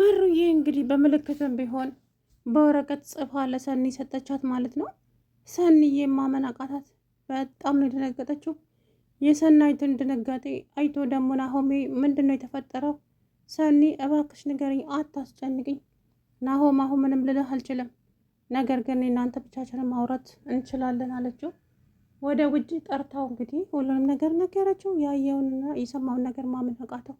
መሩዬ እንግዲህ በምልክትም ቢሆን በወረቀት ጽፋ ለሰኒ ሰጠቻት ማለት ነው። ሰኒዬ ማመን አቃታት። በጣም ነው የደነገጠችው። የሰናይትን ድንጋጤ አይቶ ደግሞ ናሆሜ ምንድን ነው የተፈጠረው? ሰኒ እባክሽ ንገሪኝ፣ አታስጨንቅኝ። ናሆም አሁን ምንም ልልህ አልችልም፣ ነገር ግን እናንተ ብቻችንን ማውራት እንችላለን አለችው። ወደ ውጭ ጠርታው እንግዲህ ሁሉንም ነገር ነገረችው። ያየውንና የሰማውን ነገር ማመን አቃተው።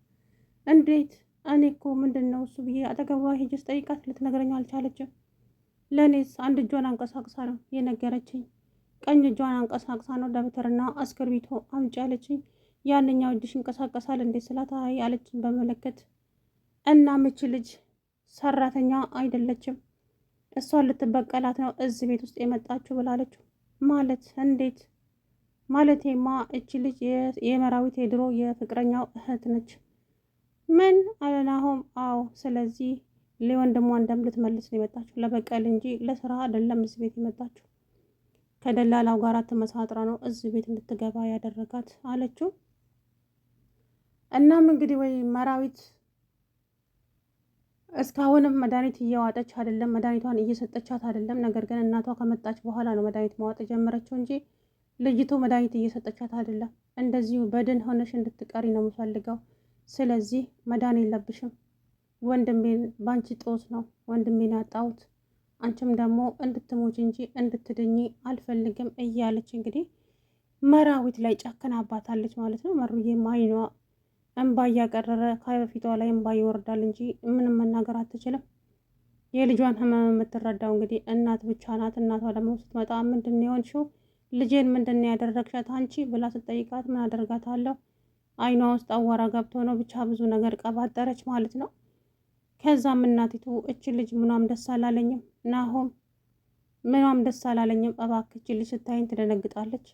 እንዴት እኔ እኮ ምንድን ነው እሱ ብዬ አጠገቧ ሄጄ ስጠይቃት ልትነግረኝ አልቻለችም። ለእኔስ አንድ እጇን አንቀሳቅሳ ነው የነገረችኝ። ቀኝ እጇን አንቀሳቅሳ ነው ደብተርና እስክርቢቶ አምጪ አለችኝ። ያንኛው እጅሽ እንቀሳቀሳል እንዴ ስላት አይ አለችኝ በመለከት እና ምች ልጅ ሰራተኛ አይደለችም እሷን ልትበቀላት ነው እዚህ ቤት ውስጥ የመጣችሁ ብላለችው። ማለት እንዴት? ማለቴማ እች ልጅ የመራዊት የድሮ የፍቅረኛው እህት ነች። ምን አለናሆም? አው አዎ ስለዚህ ለወንድሟ እንደም ልትመልስ ነው የመጣችሁ ለበቀል እንጂ ለስራ አይደለም እዚህ ቤት የመጣችሁ ከደላላው ጋር ተመሳጥራ ነው እዚህ ቤት እንድትገባ ያደረጋት አለችው። እናም እንግዲህ ወይ መራዊት እስካሁንም መድኃኒት እየዋጠች አይደለም፣ መድኃኒቷን እየሰጠቻት አይደለም። ነገር ግን እናቷ ከመጣች በኋላ ነው መድኃኒት መዋጥ የጀመረችው እንጂ ልጅቱ መድኃኒት እየሰጠቻት አይደለም። እንደዚሁ በድን ሆነሽ እንድትቀሪ ነው የምፈልገው ስለዚህ መዳን የለብሽም። ወንድሜን ባንቺ ጦስ ነው ወንድሜን ያጣሁት፣ አንቺም ደግሞ እንድትሞች እንጂ እንድትድኝ አልፈልግም እያለች እንግዲህ መራዊት ላይ ጨክናባታለች ማለት ነው። መሩዬ ማይኗ እንባ እያቀረረ ከፊቷ ላይ እንባ ይወርዳል እንጂ ምንም መናገር አትችልም። የልጇን ህመም የምትረዳው እንግዲህ እናት ብቻ ናት። እናቷ ደግሞ ስትመጣ ምንድን ነው የሆንሽው? ልጄን ምንድን ነው ያደረግሻት አንቺ ብላ ስትጠይቃት ምን አደርጋታለሁ አይኗ ውስጥ አዋራ ገብቶ ነው ብቻ ብዙ ነገር ቀባጠረች ማለት ነው። ከዛም እናቲቱ እች ልጅ ምኗም ደስ አላለኝም፣ ናሆም ምኗም ደስ አላለኝም፣ እባክህ እች ልጅ ስታይን ትደነግጣለች፣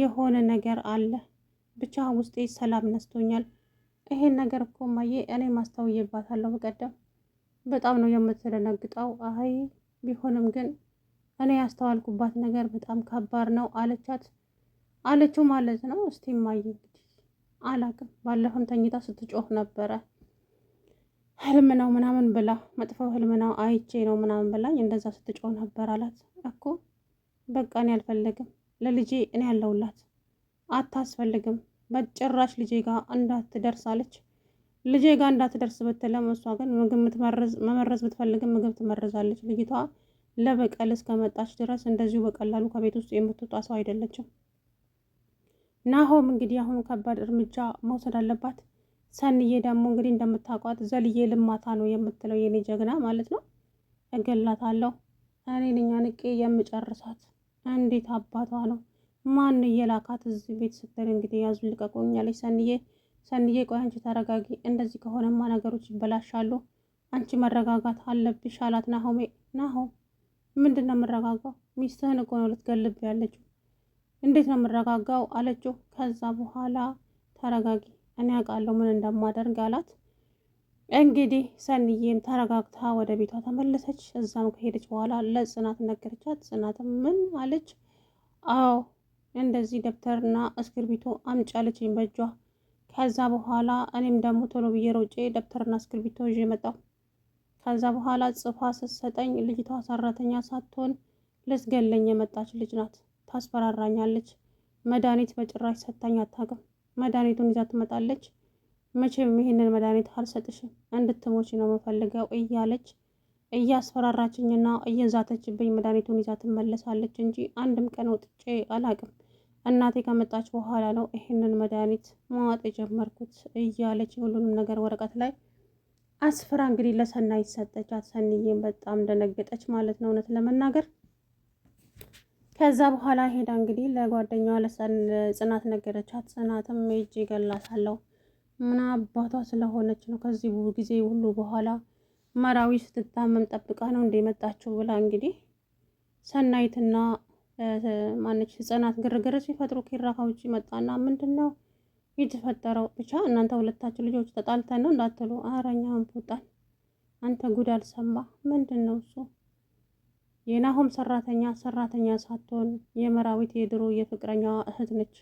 የሆነ ነገር አለ፣ ብቻ ውስጤ ሰላም ነስቶኛል። ይሄን ነገር እኮ ማየ እኔ ማስታውየባታለሁ በቀደም በጣም ነው የምትደነግጠው። አይ ቢሆንም ግን እኔ ያስተዋልኩባት ነገር በጣም ከባድ ነው አለቻት አለችው ማለት ነው። እስቲ ማየ አላቅም። ባለፈም ተኝታ ስትጮህ ነበረ ህልም ነው ምናምን ብላ መጥፎ ህልም ነው አይቼ ነው ምናምን ብላኝ እንደዛ ስትጮህ ነበር አላት እኮ በቃ እኔ አልፈልግም፣ ለልጄ እኔ ያለውላት አታስፈልግም፣ በጭራሽ ልጄ ጋር እንዳትደርስ አለች። ልጄ ጋር እንዳትደርስ ብትለም እሷ ግን ምግብ መመረዝ ብትፈልግም ምግብ ትመርዛለች። ልጅቷ ለበቀል እስከመጣች ድረስ እንደዚሁ በቀላሉ ከቤት ውስጥ የምትወጣ ሰው አይደለችም። ናሆም እንግዲህ አሁን ከባድ እርምጃ መውሰድ አለባት። ሰንዬ ደግሞ እንግዲህ እንደምታውቋት ዘልዬ ልማታ ነው የምትለው የኔ ጀግና ማለት ነው። እገላታለሁ እኔ ነኝ አንቄ የምጨርሳት። እንዴት አባቷ ነው ማን እየላካት እዚህ ቤት ስትል እንግዲህ ያዙ ሰንዬ። ሰንዬ ቆይ አንቺ ተረጋጊ፣ እንደዚህ ከሆነማ ነገሮች ይበላሻሉ። አንቺ መረጋጋት አለብሽ አላት ናሆሜ። ናሆም ምንድን ነው የምረጋጋው? ሚስትህን እኮ ነው ልትገልብ ያለችው እንዴት ነው የምረጋጋው አለችው። ከዛ በኋላ ተረጋጊ፣ እኔ አውቃለሁ ምን እንደማደርግ አላት። እንግዲህ ሰንዬም ተረጋግታ ወደ ቤቷ ተመለሰች። እዛም ከሄደች በኋላ ለጽናት ነገረቻት። ጽናት ምን አለች? አዎ እንደዚህ ደብተርና እስክርቢቶ አምጫለችኝ አለችኝ በእጇ። ከዛ በኋላ እኔም ደግሞ ቶሎ ብዬ ሮጬ ደብተርና እስክርቢቶ ይዤ መጣሁ። ከዛ በኋላ ጽፋ ስትሰጠኝ ልጅቷ ሰራተኛ ሳትሆን ልትገለኝ የመጣች ልጅ ናት። ታስፈራራኛለች። መድኃኒት በጭራሽ ሰጥታኝ አታውቅም። መድኃኒቱን ይዛ ትመጣለች። መቼም ይህንን መድኃኒት አልሰጥሽም እንድትሞች ነው የምፈልገው እያለች እያስፈራራችኝና እየዛተችብኝ መድኃኒቱን ይዛ ትመለሳለች እንጂ አንድም ቀን ወጥቼ አላውቅም። እናቴ ከመጣች በኋላ ነው ይህንን መድኃኒት ማዋጥ የጀመርኩት እያለች ሁሉንም ነገር ወረቀት ላይ አስፈራ እንግዲህ ለሰናይት ሰጠቻት። ሰንዬም በጣም ደነገጠች ማለት ነው እውነት ለመናገር ከዛ በኋላ ሄዳ እንግዲህ ለጓደኛዋ ለጽናት ነገረቻት። ጽናትም እጅ ይገላታለሁ ምን አባቷ ስለሆነች ነው ከዚህ ጊዜ ሁሉ በኋላ መራዊ ስትታመም ጠብቃ ነው እንደ መጣችው ብላ እንግዲህ ሰናይትና ማነች ጽናት ግርግር ሲፈጥሩ ኪራ ከውጭ መጣና ምንድን ነው የተፈጠረው? ብቻ እናንተ ሁለታችሁ ልጆች ተጣልተን ነው እንዳትሉ አረኛ ቦጣል አንተ ጉድ አልሰማ ምንድን ነው እሱ የናሆም ሰራተኛ ሰራተኛ ሳትሆን የመራዊት የድሮ የፍቅረኛ እህት ነች።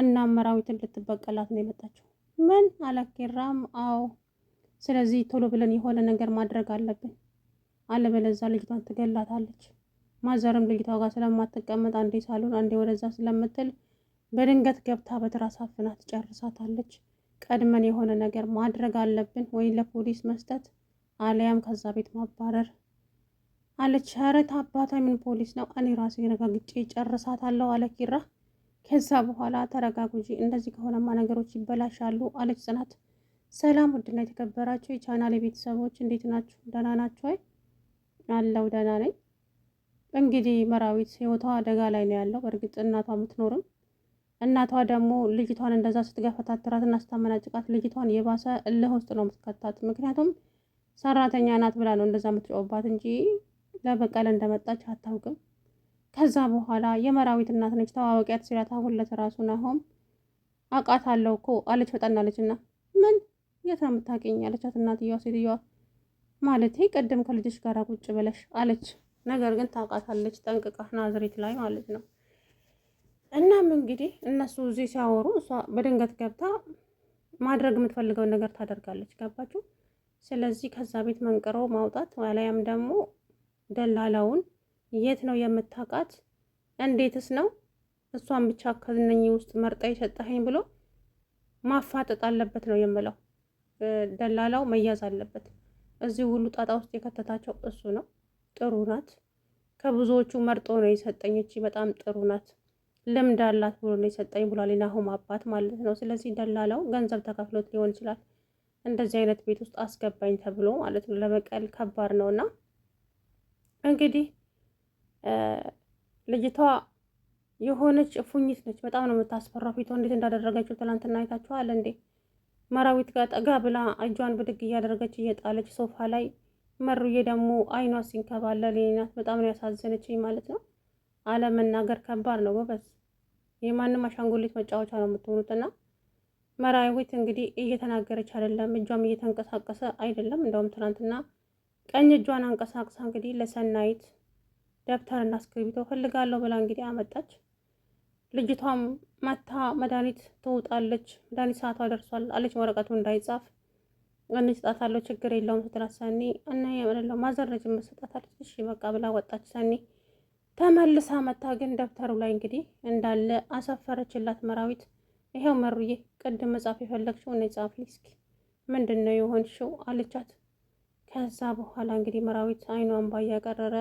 እናም መራዊትን ልትበቀላት ነው የመጣችው። ምን አላኬራም? አዎ። ስለዚህ ቶሎ ብለን የሆነ ነገር ማድረግ አለብን፣ አለበለዛ ልጅቷን ትገላታለች። ማዘርም ልጅቷ ጋር ስለማትቀመጥ አንዴ ሳሉን አንዴ ወደዛ ስለምትል በድንገት ገብታ በትራስ አፍና ትጨርሳታለች። ቀድመን የሆነ ነገር ማድረግ አለብን፣ ወይ ለፖሊስ መስጠት አለያም ከዛ ቤት ማባረር አለች። ኧረ ታባታ ምን ፖሊስ ነው? እኔ ራሴ ረጋግጬ ጨርሳታለሁ አለ ኪራ። ከዛ በኋላ ተረጋጉ እንደዚህ ከሆነማ ነገሮች ይበላሻሉ አለች ጽናት። ሰላም ውድና የተከበራችሁ የቻናሌ ቤተሰቦች እንዴት ናችሁ? ደህና ናችሁ ወይ? አለው ደህና ነኝ። እንግዲህ መራዊት ህይወቷ አደጋ ላይ ነው ያለው። በእርግጥ እናቷ ምትኖርም እናቷ ደግሞ ልጅቷን እንደዛ ስትገፈታትራት እና ስታመናጭቃት ልጅቷን የባሰ እልህ ውስጥ ነው የምትከታት። ምክንያቱም ሰራተኛ ናት ብላ ነው እንደዛ የምትጮባት እንጂ ለበቀል እንደመጣች አታውቅም። ከዛ በኋላ የመራዊት እናት ነች ተዋወቂያት ሲላት አሁለት ራሱ ናሆም አለው እኮ አለች። ፈጠናለችና ምን የት ነው የምታገኝ አለቻት እናትየዋ። ሴትዮዋ ማለቴ ቅድም ከልጆች ጋር ቁጭ ብለሽ አለች። ነገር ግን ታውቃታለች ጠንቅቃ ናዝሬት ላይ ማለት ነው። እናም እንግዲህ እነሱ እዚህ ሲያወሩ እሷ በድንገት ገብታ ማድረግ የምትፈልገውን ነገር ታደርጋለች። ገባችሁ? ስለዚህ ከዛ ቤት መንቅሮ ማውጣት አሊያም ደግሞ ደላላውን የት ነው የምታውቃት? እንዴትስ ነው እሷን ብቻ ከነኚህ ውስጥ መርጣ የሰጠኸኝ ብሎ ማፋጠጥ አለበት ነው የምለው። ደላላው መያዝ አለበት። እዚህ ሁሉ ጣጣ ውስጥ የከተታቸው እሱ ነው። ጥሩ ናት፣ ከብዙዎቹ መርጦ ነው የሰጠኝ፣ እቺ በጣም ጥሩ ናት፣ ልምድ አላት ብሎ ነው የሰጠኝ ብሏል ናሁም አባት ማለት ነው። ስለዚህ ደላላው ገንዘብ ተከፍሎት ሊሆን ይችላል እንደዚህ አይነት ቤት ውስጥ አስገባኝ ተብሎ ማለት ነው። ለበቀል ከባድ ነው እና እንግዲህ ልጅቷ የሆነች እፉኝት ነች። በጣም ነው የምታስፈራው። ፊቷ እንዴት እንዳደረገችው ትናንትና አይታችኋል እንዴ? መራዊት ጋር ጠጋ ብላ እጇን ብድግ እያደረገች እየጣለች ሶፋ ላይ መሩዬ ደግሞ አይኗ ሲንከባለል ናት። በጣም ነው ያሳዘነችኝ ማለት ነው። አለመናገር ከባድ ነው ጎበዝ። የማንም አሻንጉሊት መጫወቻ ነው የምትሆኑትና መራዊት እንግዲህ እየተናገረች አይደለም፣ እጇም እየተንቀሳቀሰ አይደለም። እንደውም ትናንትና ቀኝ እጇን አንቀሳቅሳ እንግዲህ ለሰናይት ደብተርና እስክሪብቶ ፈልጋለሁ ብላ እንግዲህ አመጣች። ልጅቷም መታ መድኃኒት ትውጣለች፣ መድኃኒት ሰዓቷ ደርሷል አለች። ወረቀቱ እንዳይጻፍ እንስጣታለሁ ችግር የለውም ስትላት ሰኒ እና የምንለው ማዘረጅ መስጣታለች። እሺ በቃ ብላ ወጣች። ሰኒ ተመልሳ መታ ግን ደብተሩ ላይ እንግዲህ እንዳለ አሰፈረችላት። መራዊት ይኸው መሩዬ፣ ቅድም መጻፍ የፈለግሽው እነ ጻፍ እስኪ ምንድን ነው የሆንሽው አለቻት። ከዛ በኋላ እንግዲህ መራዊት አይኗን ባያቀረረ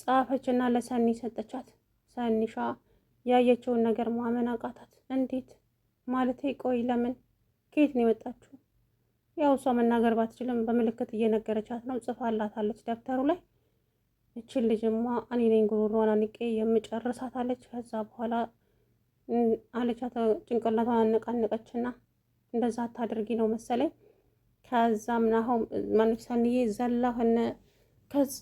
ጻፈች እና ለሰኒ ሰጠቻት። ሰኒሻ ያየችውን ነገር ማመን አቃታት። እንዴት ማለቴ ቆይ ለምን ከየት ነው የመጣችሁ? ያው እሷ መናገር ባትችልም በምልክት እየነገረቻት ነው። ጽፋላታለች ደብተሩ ላይ እችን ልጅማ እኔ ነኝ ጉሮሯን አንቄ የምጨርሳት አለች። ከዛ በኋላ አለቻት ጭንቅላቷን አነቃነቀችና እንደዛ አታድርጊ ነው መሰለኝ ከዛም ናሆም ማነው ሰንዬ ዘላ ሆነ ከዝ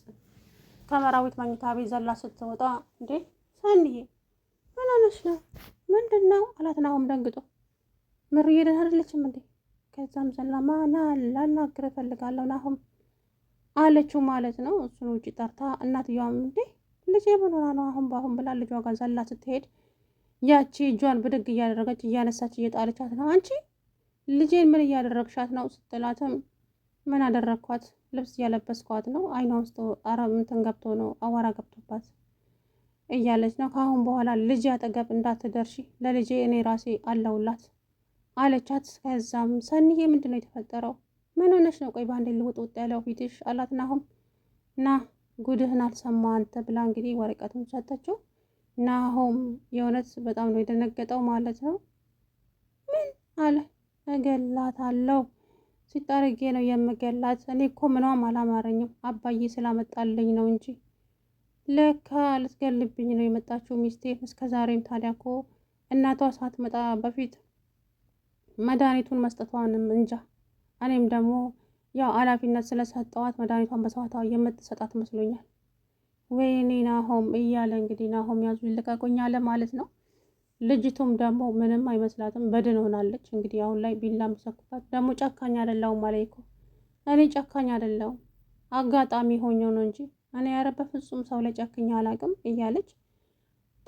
ከመራዊት መኝታ ቤት ዘላ ስትወጣ እንዴ ሰንዬ ምን ሆነሽ ነው ምንድን ነው አላት ናሆም ደንግጦ ምርዬ ደህና አይደለችም እንዴ ከዛም ዘላ ማና ላናግር እፈልጋለሁ ናሆም አለችው ማለት ነው እሱን ውጭ ጠርታ እናትየዋም እንዴ ልጄ ምን ሆና ነው አሁን በአሁን ብላ ልጇ ጋር ዘላ ስትሄድ ያቺ እጇን ብድግ እያደረገች እያነሳች እየጣለቻት ነው አንቺ ልጄን ምን እያደረግሻት ነው ስትላትም ምን አደረግኳት? ልብስ እያለበስኳት ነው፣ አይኗ ውስጥ አረም እንትን ገብቶ ነው አዋራ ገብቶባት እያለች ነው። ከአሁን በኋላ ልጅ አጠገብ እንዳትደርሺ፣ ለልጄ እኔ ራሴ አለውላት አለቻት። ከዛም ሰኒዬ ምንድን ነው የተፈጠረው? ምን ሆነሽ ነው? ቆይ በአንዴ ልውጥ ውጥ ያለው ፊትሽ አላት። ናሁም ና ጉድህን አልሰማ አንተ ብላ እንግዲህ ወረቀቱን ሰጠችው። ናሆም የእውነት በጣም ነው የደነገጠው ማለት ነው። ምን አለ እገላታለሁ። ሲጣርጌ ነው የምገላት። እኔ እኮ ምኗም አላማረኝም አባዬ ስላመጣልኝ ነው እንጂ ለካ ልትገልብኝ ነው የመጣችው ሚስቴ። እስከ ዛሬም ታዲያ እኮ እናቷ ሳትመጣ በፊት መድኃኒቱን መስጠቷንም እንጃ። እኔም ደግሞ ያው ኃላፊነት ስለሰጠዋት መድኃኒቷን በሰዋታ የምትሰጣት መስሎኛል። ወይኔ ናሆም እያለ እንግዲህ ናሆም ያዙ ይልቀቁኛል ማለት ነው። ልጅቱም ደግሞ ምንም አይመስላትም፣ በድን ሆናለች። እንግዲህ አሁን ላይ ቢላ ምሰኩባት ደግሞ ጨካኝ አይደለሁም አለኝ እኮ እኔ ጨካኝ አይደለሁም አጋጣሚ ሆኜው ነው እንጂ እኔ ኧረ በፍጹም ሰው ላይ ጨክኛ አላውቅም እያለች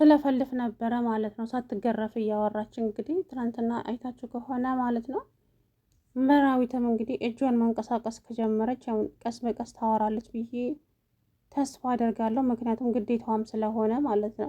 ትለፈልፍ ነበረ ማለት ነው። ሳትገረፍ እያወራች እንግዲህ ትናንትና አይታችሁ ከሆነ ማለት ነው። መራዊትም እንግዲህ እጇን መንቀሳቀስ ከጀመረች ያውን ቀስ በቀስ ታወራለች ብዬ ተስፋ አደርጋለሁ። ምክንያቱም ግዴታዋም ስለሆነ ማለት ነው።